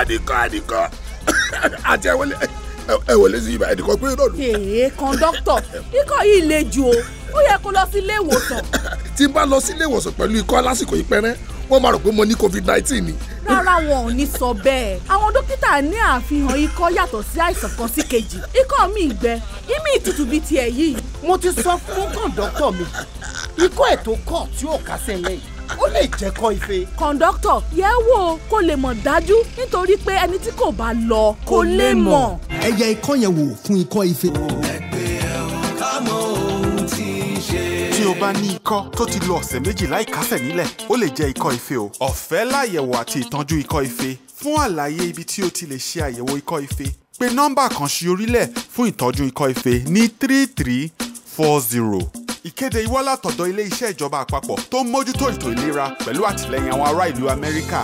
adìkan adìkan àti ẹwọlé ẹwọlé sí ibà ẹdìkan pé náà lù. èè kọ́ńdọ́kítọ̀ ikọ̀ yìí le jù o ó yẹ kó lọ sí ilé ìwòsàn. tí n bá lọ sí ilé ìwòsàn pẹ̀lú ikọ́ lásìkò yìí pẹ́rẹ́ wọ́n máa rò pé mo ní covid nineteen ni. rárá wọn ò ní sọ bẹ́ẹ̀ àwọn dókítà ní àfihàn ikọ́ yàtọ̀ sí àìsàn kan sí kejì ikọ́ mi gbẹ imí ìtutù bíi tiẹ̀ yìí mo ti sọ fún kọ́ńdọ́kítọ̀ mi ikọ́ ẹ̀ tó kọ̀ tí ò kásẹ̀ lẹ́yìn ó lè jẹ́ kọ́ ife. kọ̀ǹdọ́tọ̀ yẹ̀ wò kó lè mọ̀ dájú nítorí pé ẹni tí kò bá lọ kò lè mọ̀. ẹ yẹ̀ ikọ́ yẹn wò fún ikọ́ ife. tí o bá ní ikọ́ tó ti lo ọ̀sẹ̀ méjì láìkásẹ̀ nílẹ̀ ó lè jẹ́ ikọ́ ife o ọ̀fẹ́ láyẹ̀wò àti ìtọ́jú ikọ́ ife fún àlàyé ibi tí o ti lè ṣe àyẹ̀wò ikọ́ ife pè nọ́mbà kan sí orílẹ̀ fún ìtọ́jú ikọ́ ife ní three three four zero ìkéde ìwọ́lá tọ̀dọ̀ ilé iṣẹ́ ìjọba àpapọ̀ tó ń mójútó ètò ìlera pẹ̀lú àtìlẹ́yìn àwọn ará ìlú Amẹ́ríkà